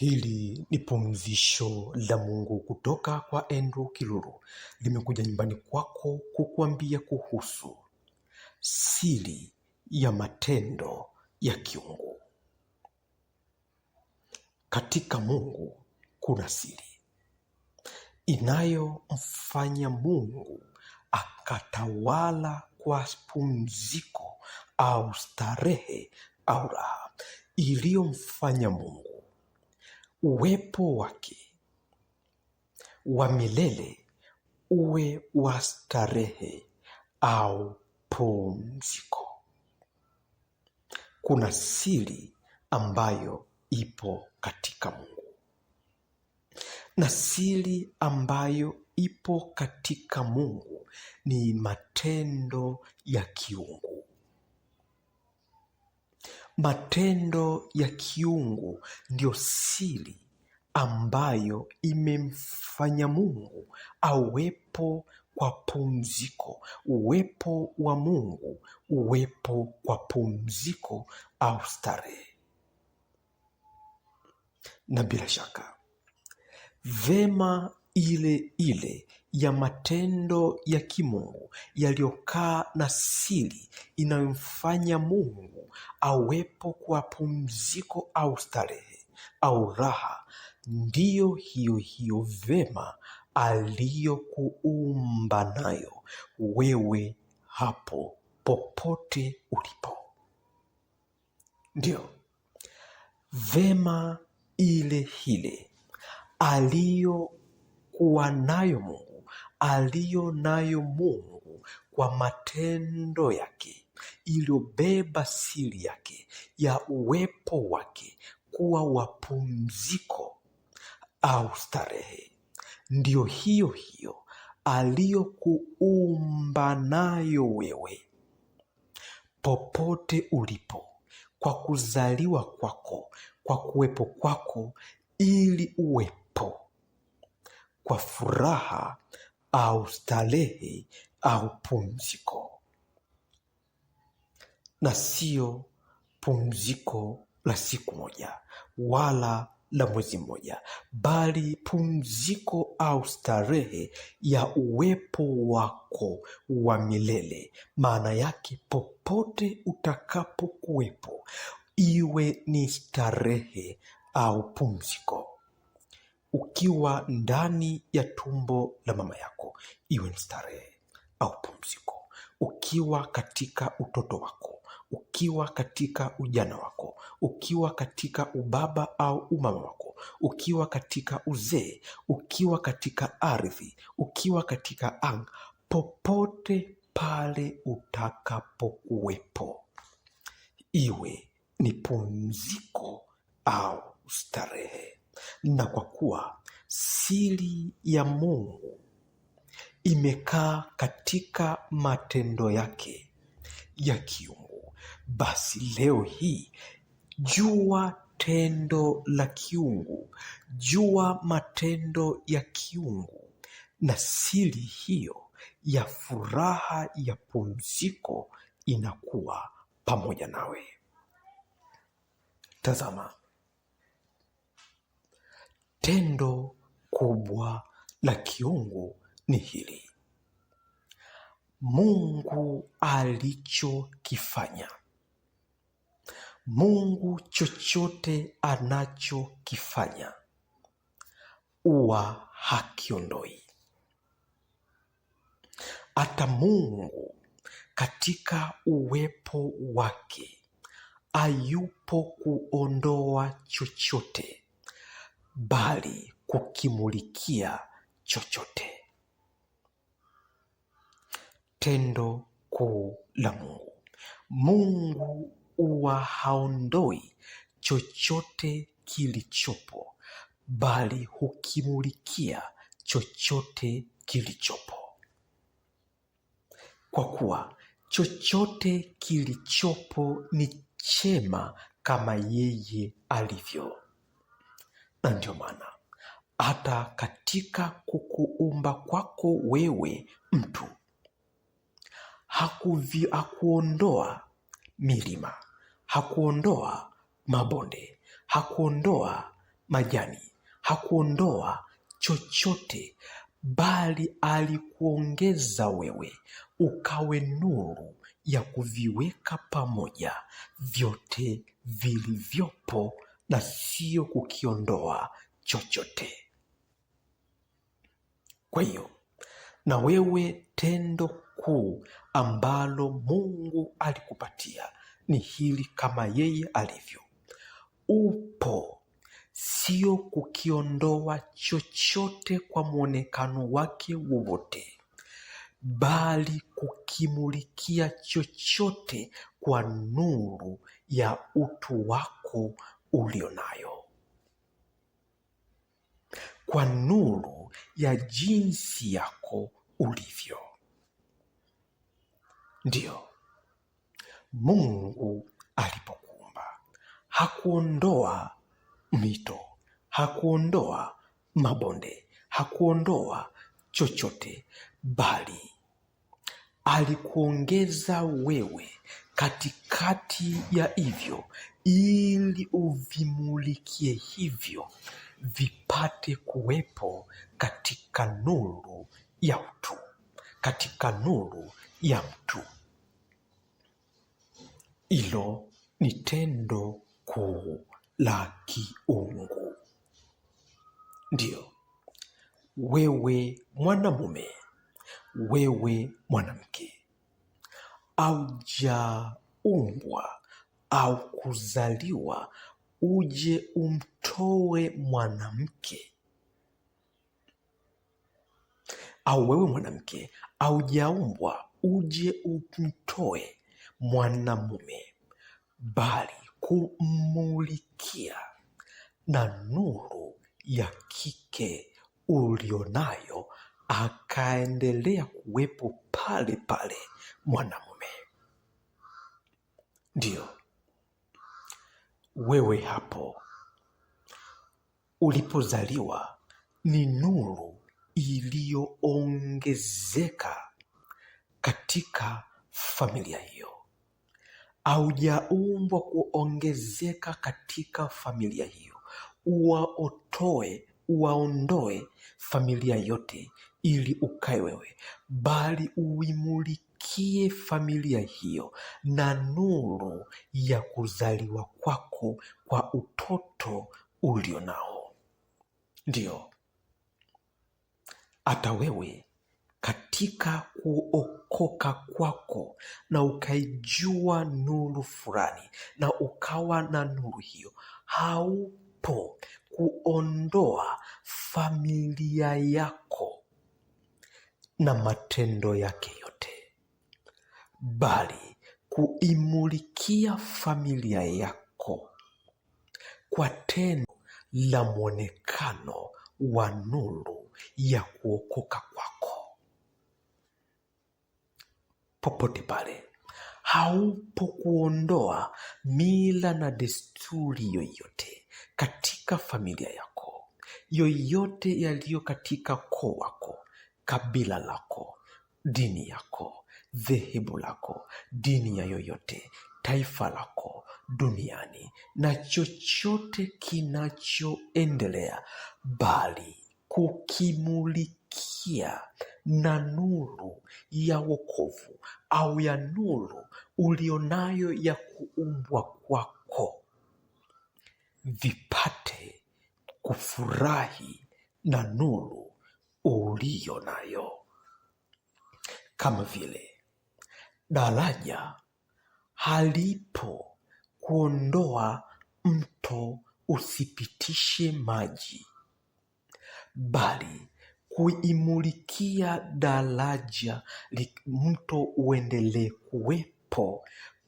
Hili ni pumzisho la Mungu kutoka kwa Andrew Kiruru, limekuja nyumbani kwako kukuambia kuhusu siri ya matendo ya kiungu. Katika Mungu kuna siri inayomfanya Mungu akatawala kwa pumziko au starehe au raha, iliyomfanya Mungu uwepo wake wa milele uwe wa starehe au pumziko. Kuna siri ambayo ipo katika Mungu, na siri ambayo ipo katika Mungu ni matendo ya kiungu. Matendo ya kiungu ndiyo siri ambayo imemfanya Mungu awepo kwa pumziko. Uwepo wa Mungu, uwepo kwa pumziko au starehe. Na bila shaka vema ile ile ya matendo ya kimungu yaliyokaa na siri inayomfanya Mungu awepo kwa pumziko au starehe au raha, ndiyo hiyo hiyo vema aliyokuumba nayo wewe hapo popote ulipo. Ndiyo vema ile hile aliyokuwa nayo Mungu aliyo nayo Mungu kwa matendo yake, iliyobeba siri yake ya uwepo wake kuwa wapumziko au starehe, ndiyo hiyo hiyo aliyokuumba nayo wewe, popote ulipo, kwa kuzaliwa kwako, kwa kuwepo kwako, ili uwepo kwa furaha au starehe au pumziko, na sio pumziko la siku moja wala la mwezi mmoja, bali pumziko au starehe ya uwepo wako wa milele. Maana yake popote utakapokuwepo, iwe ni starehe au pumziko ukiwa ndani ya tumbo la mama yako, iwe ni starehe au pumziko, ukiwa katika utoto wako, ukiwa katika ujana wako, ukiwa katika ubaba au umama wako, ukiwa katika uzee, ukiwa katika ardhi, ukiwa katika anga, popote pale utakapokuwepo, iwe ni pumziko au starehe na kwa kuwa siri ya Mungu imekaa katika matendo yake ya kiungu, basi leo hii jua tendo la kiungu, jua matendo ya kiungu, na siri hiyo ya furaha ya pumziko inakuwa pamoja nawe. Tazama, Tendo kubwa la kiungu ni hili: Mungu alichokifanya, Mungu chochote anachokifanya huwa hakiondoi. Hata Mungu katika uwepo wake hayupo kuondoa chochote bali kukimulikia chochote. Tendo kuu la Mungu. Mungu huwa haondoi chochote kilichopo, bali hukimulikia chochote kilichopo, kwa kuwa chochote kilichopo ni chema kama yeye alivyo. Na ndiyo maana hata katika kukuumba kwako wewe mtu hakuvi, hakuondoa milima, hakuondoa mabonde, hakuondoa majani, hakuondoa chochote, bali alikuongeza wewe ukawe nuru ya kuviweka pamoja vyote vilivyopo na sio kukiondoa chochote. Kwa hiyo na wewe, tendo kuu ambalo Mungu alikupatia ni hili, kama yeye alivyo upo, sio kukiondoa chochote kwa mwonekano wake wowote, bali kukimulikia chochote kwa nuru ya utu wako ulio nayo kwa nuru ya jinsi yako ulivyo. Ndiyo, Mungu alipokuumba hakuondoa mito, hakuondoa mabonde, hakuondoa chochote, bali alikuongeza wewe katikati ya hivyo, ili uvimulikie hivyo vipate kuwepo katika nuru ya utu, katika nuru ya mtu. Hilo ni tendo kuu la kiungu. Ndio wewe mwanamume, wewe mwanamke aujaumbwa au kuzaliwa uje umtoe mwanamke au wewe mwanamke aujaumbwa uje umtoe mwanamume, bali kumulikia na nuru ya kike ulionayo, akaendelea kuwepo pale pale mwanamume Ndiyo, wewe hapo ulipozaliwa ni nuru iliyoongezeka katika familia hiyo. Haujaumbwa kuongezeka katika familia hiyo, uwaotoe uwaondoe familia yote ili ukae wewe, bali uimulike ifikie familia hiyo na nuru ya kuzaliwa kwako kwa utoto ulio nao. ndio hata wewe katika kuokoka kwako na ukaijua nuru fulani na ukawa na nuru hiyo, haupo kuondoa familia yako na matendo yake yote bali kuimulikia familia yako kwa tendo la mwonekano wa nuru ya kuokoka kwako. Popote pale haupo kuondoa mila na desturi yoyote katika familia yako, yoyote yaliyo katika koo wako, kabila lako, dini yako dhehebu lako, dini ya yoyote, taifa lako duniani na chochote kinachoendelea, bali kukimulikia na nuru ya wokovu au ya nuru ulionayo ya kuumbwa kwako, vipate kufurahi na nuru uliyo nayo kama vile daraja halipo kuondoa mto usipitishe maji, bali kuimulikia daraja mto uendelee kuwepo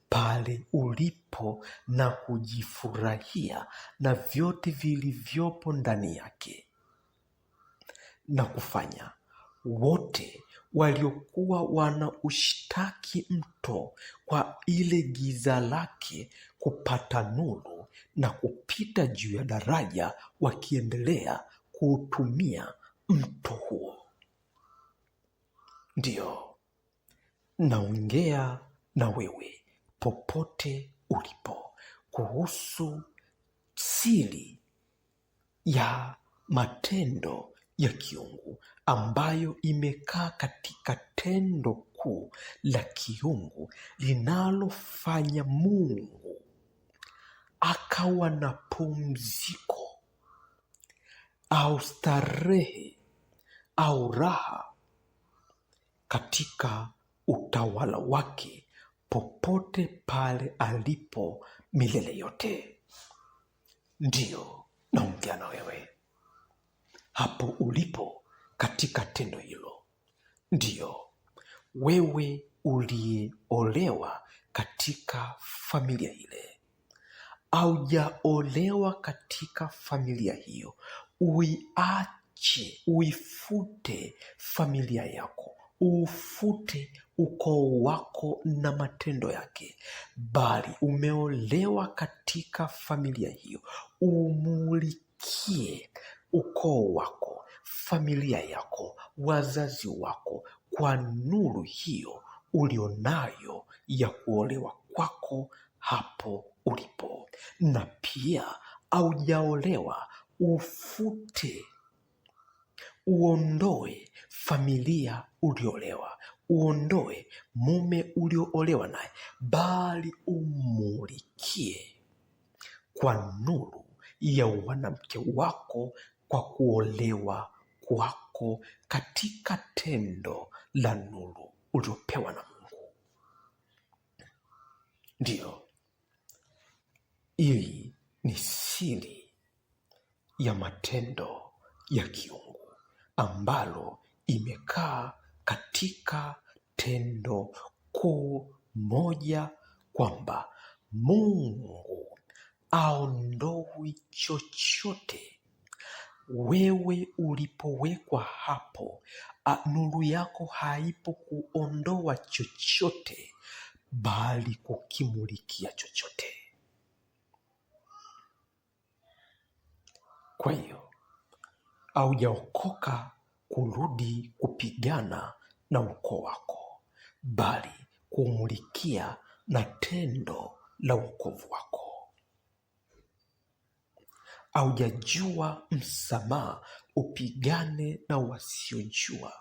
pale ulipo na kujifurahia na vyote vilivyopo ndani yake na kufanya wote waliokuwa wana ushtaki mto kwa ile giza lake kupata nuru na kupita juu ya daraja wakiendelea kuutumia mto huo. ndio naongea na wewe popote ulipo kuhusu siri ya matendo ya kiungu ambayo imekaa katika tendo kuu la kiungu linalofanya Mungu akawa na pumziko au starehe au raha katika utawala wake popote pale alipo milele yote. Ndiyo naongea na wewe hapo ulipo katika tendo hilo. Ndiyo, wewe uliyeolewa katika familia ile, aujaolewa katika familia hiyo, uiache, uifute familia yako, ufute ukoo wako na matendo yake, bali umeolewa katika familia hiyo, umulikie ukoo wako, familia yako, wazazi wako, kwa nuru hiyo ulionayo ya kuolewa kwako hapo ulipo, na pia aujaolewa ufute uondoe familia uliolewa, uondoe mume ulioolewa naye, bali umulikie kwa nuru ya uwanamke wako kwa kuolewa kwako katika tendo la nuru uliopewa na Mungu. Ndiyo, hii ni siri ya matendo ya kiungu ambalo imekaa katika tendo kuu moja kwamba Mungu aondoi chochote wewe ulipowekwa hapo, a, ah, nuru yako haipo kuondoa chochote, bali kukimulikia chochote. Kwa hiyo haujaokoka kurudi kupigana na ukoo wako, bali kumulikia na tendo la wokovu wako haujajua msamaha, upigane na wasiojua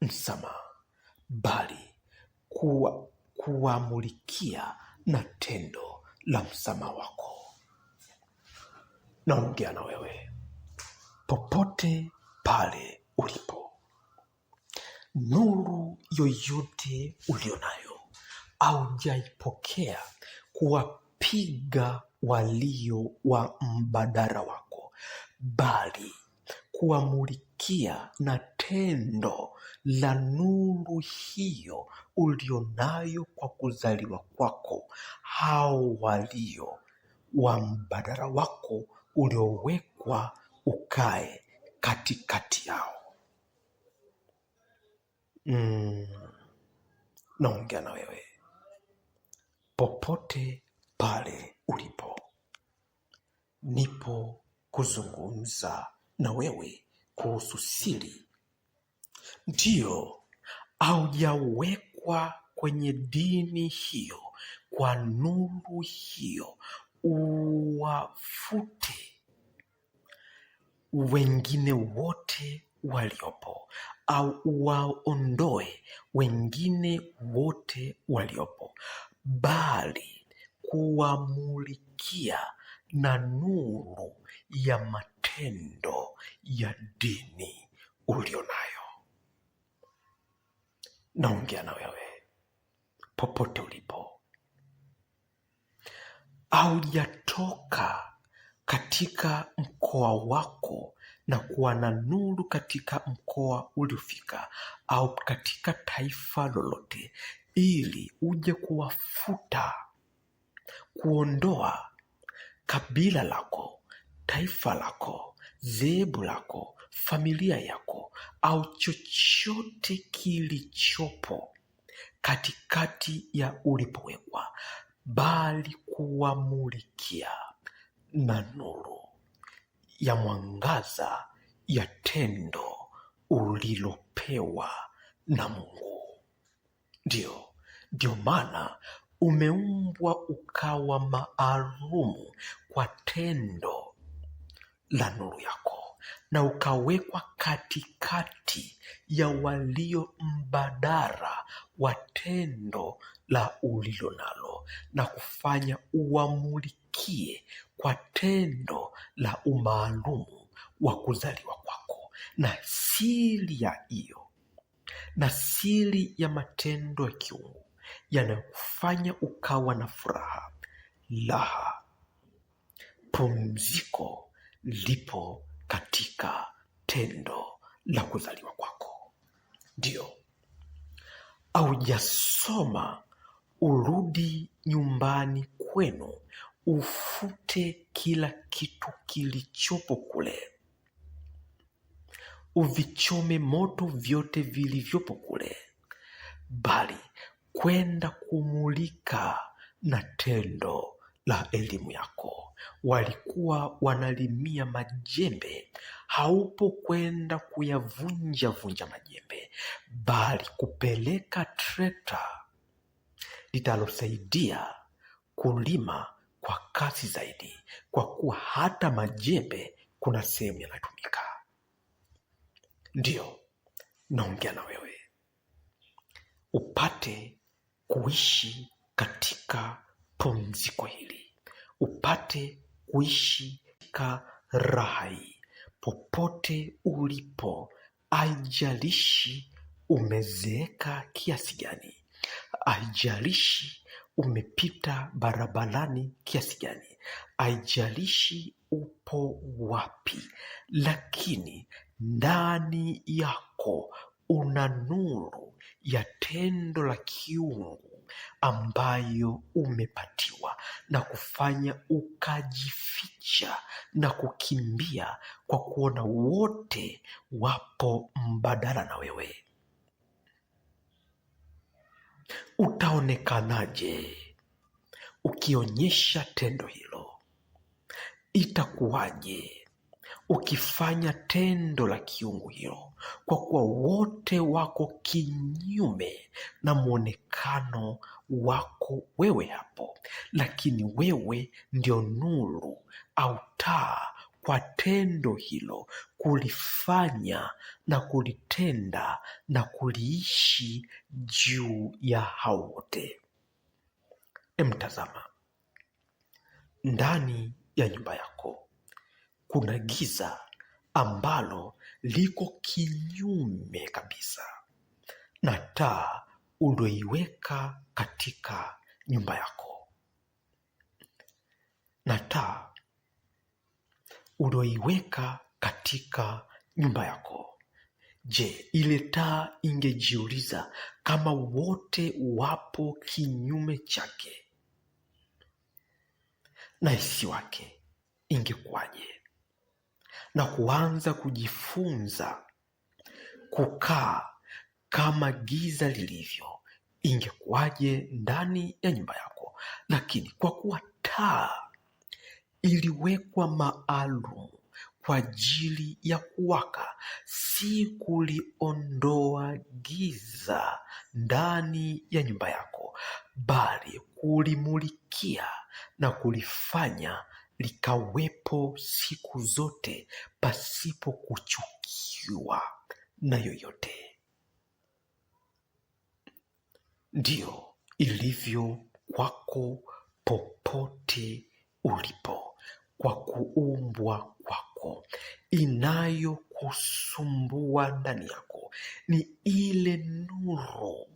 msamaha, bali kuwa kuwamulikia na tendo la msamaha wako. Naongea na wewe popote pale ulipo, nuru yoyote ulionayo haujaipokea kuwapiga walio wa mbadala wako, bali kuwamulikia na tendo la nuru hiyo ulionayo kwa kuzaliwa kwako, hao walio wa mbadala wako uliowekwa ukae katikati yao. Mm, naongea na wewe popote pale ulipo. Nipo kuzungumza na wewe kuhusu siri, ndiyo haujawekwa kwenye dini hiyo kwa nuru hiyo, uwafute wengine wote waliopo au uwaondoe wengine wote waliopo, bali kuwamulikia na nuru ya matendo ya dini ulio nayo. Naongea na wewe popote ulipo, haujatoka katika mkoa wako na kuwa na nuru katika mkoa uliofika au katika taifa lolote, ili uje kuwafuta kuondoa kabila lako, taifa lako, dhehebu lako, familia yako au chochote kilichopo katikati ya ulipowekwa, bali kuwamulikia na nuru ya mwangaza ya tendo ulilopewa na Mungu. Ndio, ndio maana umeumbwa ukawa maalumu kwa tendo la nuru yako na ukawekwa katikati ya walio mbadara wa tendo la ulilo nalo na kufanya uwamulikie kwa tendo la umaalumu wa kuzaliwa kwako na siri ya hiyo na siri ya matendo ya kiungu yanayokufanya ukawa na furaha, laha Pumziko lipo katika tendo la kuzaliwa kwako. Ndio aujasoma, urudi nyumbani kwenu ufute kila kitu kilichopo kule, uvichome moto vyote vilivyopo kule, bali kwenda kumulika na tendo la elimu yako. Walikuwa wanalimia majembe, haupo kwenda kuyavunja vunja majembe, bali kupeleka trekta litalosaidia kulima kwa kasi zaidi, kwa kuwa hata majembe kuna sehemu yanatumika. Ndiyo naongea na wewe upate kuishi katika pumziko hili, upate kuishi katika raha hii popote ulipo. aijalishi umezeeka kiasi gani, aijalishi umepita barabarani kiasi gani, aijalishi upo wapi, lakini ndani yako una nuru ya tendo la kiungu ambayo umepatiwa na kufanya ukajificha na kukimbia kwa kuona wote wapo mbadala na wewe. Utaonekanaje ukionyesha tendo hilo? Itakuwaje ukifanya tendo la kiungu hilo, kwa kuwa wote wako kinyume na mwonekano wako wewe hapo, lakini wewe ndio nuru au taa kwa tendo hilo, kulifanya na kulitenda na kuliishi juu ya hao wote. Emtazama ndani ya nyumba yako kuna giza ambalo liko kinyume kabisa na taa ulioiweka katika nyumba yako, na taa ulioiweka katika nyumba yako. Je, ile taa ingejiuliza kama wote wapo kinyume chake na isi wake, ingekuwaje? na kuanza kujifunza kukaa kama giza lilivyo, ingekuwaje ndani ya nyumba yako? Lakini kwa kuwa taa iliwekwa maalum kwa ajili ya kuwaka, si kuliondoa giza ndani ya nyumba yako, bali kulimulikia na kulifanya likawepo siku zote pasipo kuchukiwa na yoyote. Ndiyo ilivyo kwako popote ulipo, kwa kuumbwa kwako. Inayokusumbua ndani yako ni ile nuru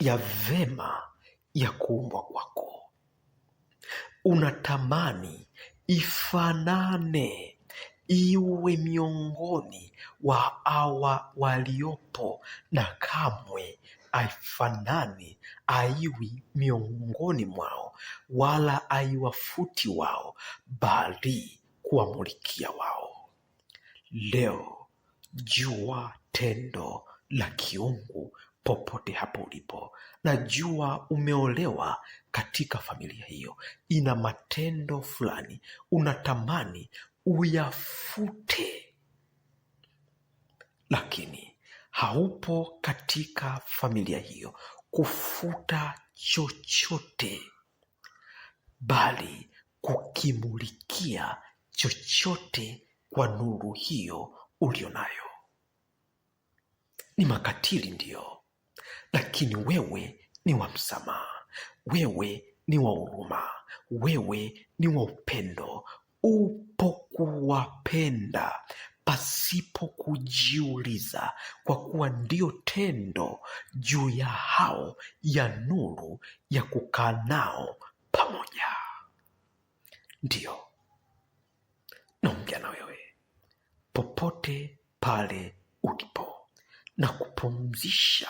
ya vema ya kuumbwa kwako unatamani ifanane iwe miongoni wa awa waliopo, na kamwe aifanani aiwi miongoni mwao, wala aiwafuti wao, bali kuwamulikia wao. Leo jua tendo la kiungu popote hapo ulipo. na jua umeolewa katika familia hiyo ina matendo fulani unatamani uyafute, lakini haupo katika familia hiyo kufuta chochote, bali kukimulikia chochote kwa nuru hiyo ulio nayo. Ni makatili ndiyo, lakini wewe ni wa msamaha. Wewe ni wa huruma, wewe ni wa upendo. Upo kuwapenda pasipo kujiuliza, kwa kuwa ndiyo tendo juu ya hao ya nuru ya kukaa nao pamoja. Ndiyo naongea na wewe popote pale ulipo na kupumzisha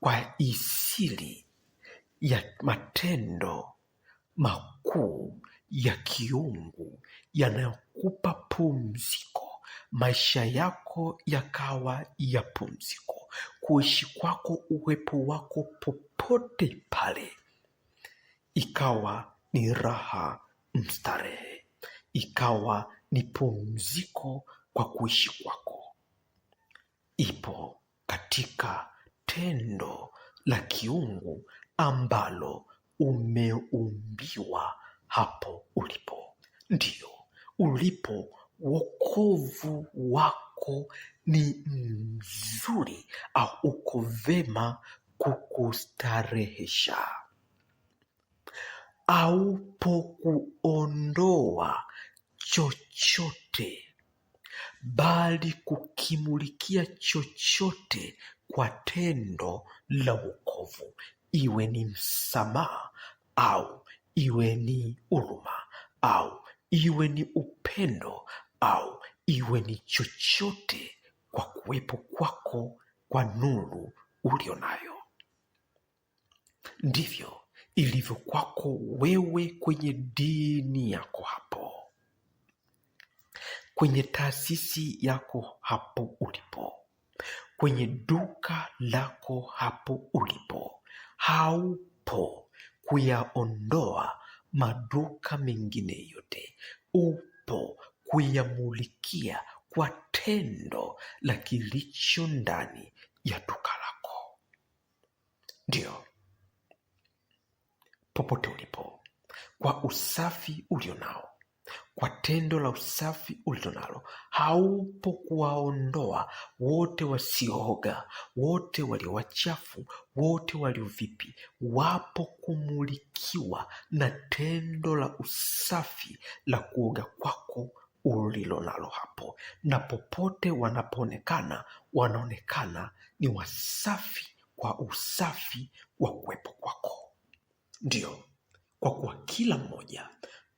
kwa isili ya matendo makuu ya kiungu yanayokupa pumziko, maisha yako yakawa ya pumziko, kuishi kwako, uwepo wako popote pale ikawa ni raha mstarehe, ikawa ni pumziko kwa kuishi kwako, ipo katika tendo la kiungu ambalo umeumbiwa hapo ulipo. Ndiyo, ulipo wokovu wako ni mzuri au uko vema kukustarehesha aupo kuondoa chochote, bali kukimulikia chochote kwa tendo la wokovu iwe ni msamaha au iwe ni huruma au iwe ni upendo au iwe ni chochote, kwa kuwepo kwako kwa nuru ulio nayo, ndivyo ilivyo kwako wewe kwenye dini yako hapo, kwenye taasisi yako hapo ulipo, kwenye duka lako hapo ulipo haupo kuyaondoa maduka mengine yote, upo kuyamulikia kwa tendo la kilicho ndani ya duka lako. ndio popote ulipo, kwa usafi ulio nao kwa tendo la usafi ulilonalo. Haupo kuwaondoa wote wasiooga, wote walio wachafu, wote walio vipi. Wapo kumulikiwa na tendo la usafi la kuoga kwako ulilonalo hapo, na popote wanapoonekana, wanaonekana ni wasafi kwa usafi wa kuwepo kwako. ndio kwa kuwa kila mmoja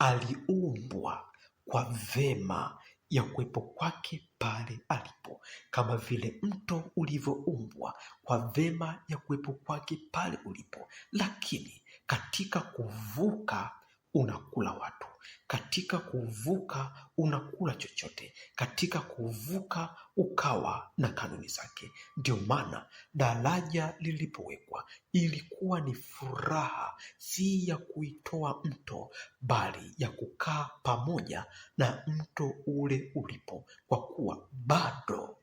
aliumbwa kwa vema ya kuwepo kwake pale alipo, kama vile mto ulivyoumbwa kwa vema ya kuwepo kwake pale ulipo, lakini katika kuvuka unakula watu. Katika kuvuka unakula chochote, katika kuvuka ukawa na kanuni zake. Ndio maana daraja lilipowekwa ilikuwa ni furaha, si ya kuitoa mto, bali ya kukaa pamoja na mto ule ulipo, kwa kuwa bado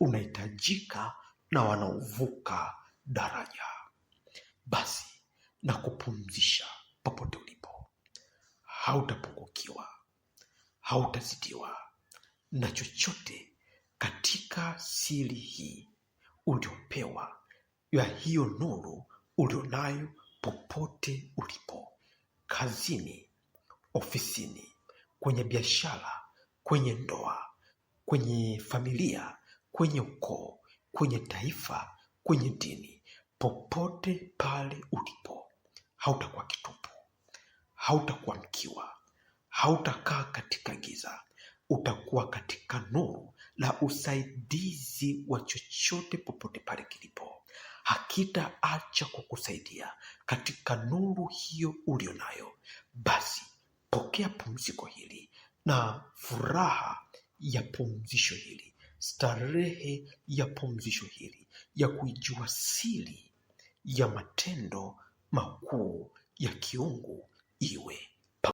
unahitajika na wanaovuka daraja. Basi na kupumzisha popote ulipo hautapungukiwa, hautazidiwa na chochote katika siri hii uliopewa ya hiyo nuru ulionayo, popote ulipo, kazini, ofisini, kwenye biashara, kwenye ndoa, kwenye familia, kwenye ukoo, kwenye taifa, kwenye dini, popote pale ulipo, hautakuwa kitupu hautakuwa mkiwa, hautakaa katika giza, utakuwa katika nuru la usaidizi wa chochote popote pale kilipo. Hakitaacha kukusaidia katika nuru hiyo ulio nayo. Basi pokea pumziko hili na furaha ya pumzisho hili, starehe ya pumzisho hili, ya kuijua siri ya matendo makuu ya kiungu iwe.